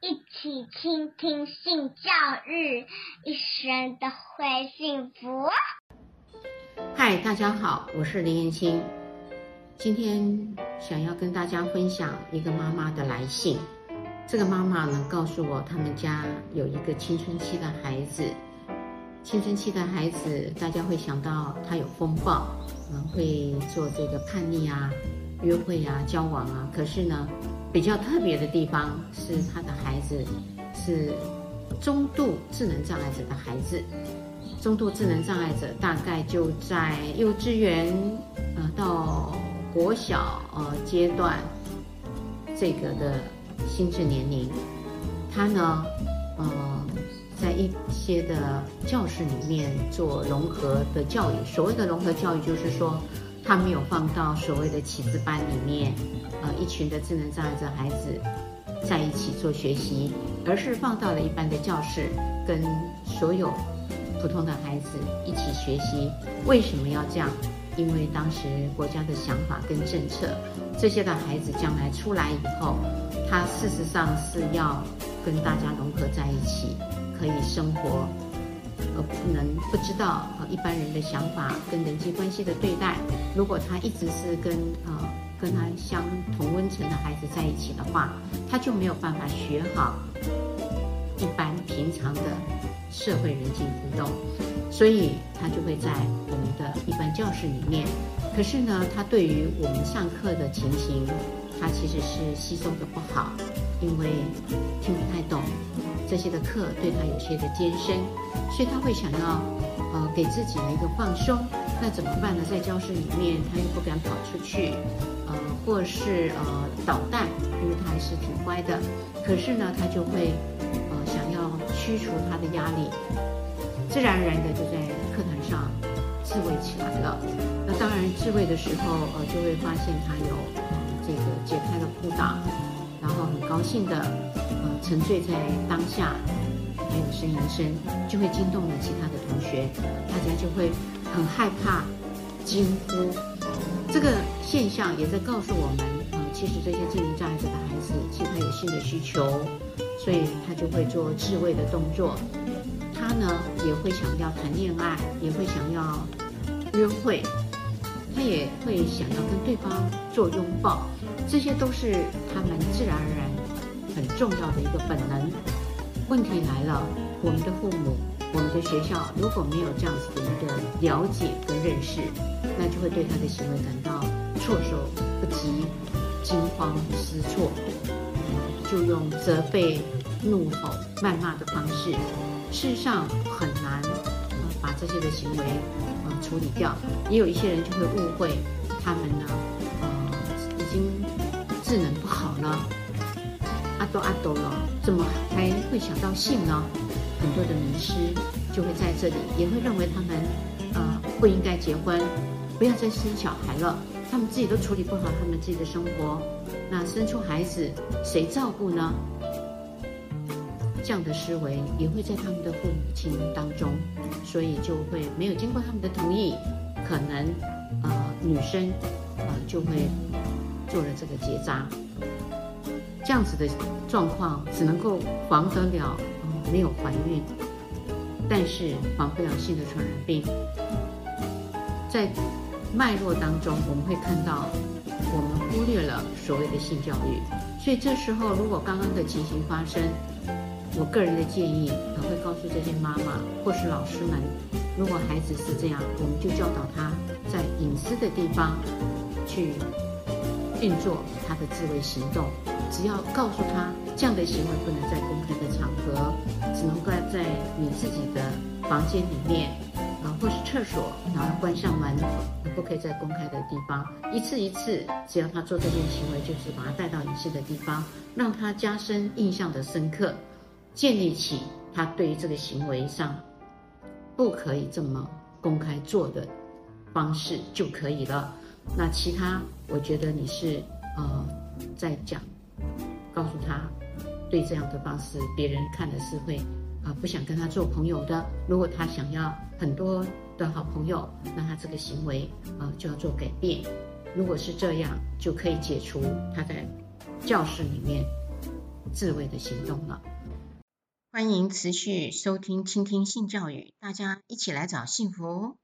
一起傾聽性教育，一生都會幸福。嗨，大家好，我是林彥青，今天想要跟大家分享一個媽媽的來信。這個媽媽呢，告訴我他們家有一個青春期的孩子。青春期的孩子，大家會想到他有風暴，嗯，會做這個叛逆啊。約會啊，交往啊，可是呢，比較特別的地方是他的孩子是中度智能障礙者的孩子。中度智能障礙者大概就在幼稚園呃到國小呃階段，這個的心智年齡，他呢呃在一些的教室裡面做融合的教育。所謂的融合教育就是說。他沒有放到所謂的啟智班裡面，呃，一群的智能障礙者孩子在一起做學習，而是放到了一般的教室，跟所有普通的孩子一起學習。為什麼要這樣？因為當時國家的想法跟政策，這些的孩子將來出來以後，他事實上是要跟大家融合在一起，可以生活。而不、呃、能不知道呃一般人的想法跟人際關係的對待。如果他一直是跟啊、呃、跟他相同溫層的孩子在一起的話，他就沒有辦法學好一般平常的社會人際互動，所以他就會在我們的一般教室裡面。可是呢，他對於我們上課的情形，他其實是吸收的不好，因為聽。這些的課對他有些的艱深，所以他會想要呃給自己的一個放鬆。那怎麼辦呢？在教室裡面他又不敢跑出去，呃或是呃搗蛋，因為他還是挺乖的。可是呢，他就會呃想要驅除他的壓力，自然而然的就在課堂上自慰起來了。那當然自慰的時候呃就會發現他有呃這個解開了褲襠，然後很高興的。呃，沉醉在當下，還有呻吟聲，就會驚動了其他的同學，大家就會很害怕，驚呼。這個現象也在告訴我們，啊、呃，其實這些智力障礙者的孩子，其實他有性的需求，所以他就會做自慰的動作。他呢，也會想要談戀愛，也會想要約會，他也會想要跟對方做擁抱，這些都是他們自然而然很重要的一個本能。問題來了，我們的父母、我們的學校如果沒有這樣子的一個了解跟認識，那就會對他的行為感到措手不及、驚慌失措，就用責備、怒吼、謾罵的方式，事實上很難呃把這些的行為呃處理掉。也有一些人就會誤會他們呢，呃，已經智能不好了。都阿斗了，怎麼還會想到性呢？很多的迷思就會在這裡，也會認為他們，呃，不應該結婚，不要再生小孩了。他們自己都處理不好他們自己的生活，那生出孩子誰照顧呢？這樣的思維也會在他們的父母親當中，所以就會沒有經過他們的同意，可能，呃，女生，呃，就會做了這個結紮。這樣子的狀況只能夠防得了沒有懷孕，但是防不了性的傳染病。在脈絡當中，我們會看到我們忽略了所謂的性教育。所以這時候，如果剛剛的情形發生，我個人的建議，我會告訴這些媽媽或是老師們，如果孩子是這樣，我們就教導他，在隱私的地方去運作他的自慰行動。只要告訴他，這樣的行為不能在公開的場合，只能夠在你自己的房間裡面，啊、呃，或是廁所，然後關上門，不可以在公開的地方。一次一次，只要他做這件行為，就是把他帶到隱私的地方，讓他加深印象的深刻，建立起他對於這個行為上，不可以這麼公開做的方式就可以了。那其他，我覺得你是呃，在講。告訴他，對這樣的方式，別人看的是會啊，不想跟他做朋友的。如果他想要很多的好朋友，那他這個行為啊就要做改變。如果是這樣，就可以解除他在教室裡面自慰的行動了。歡迎持續收聽《傾聽性教育》，大家一起來找幸福哦。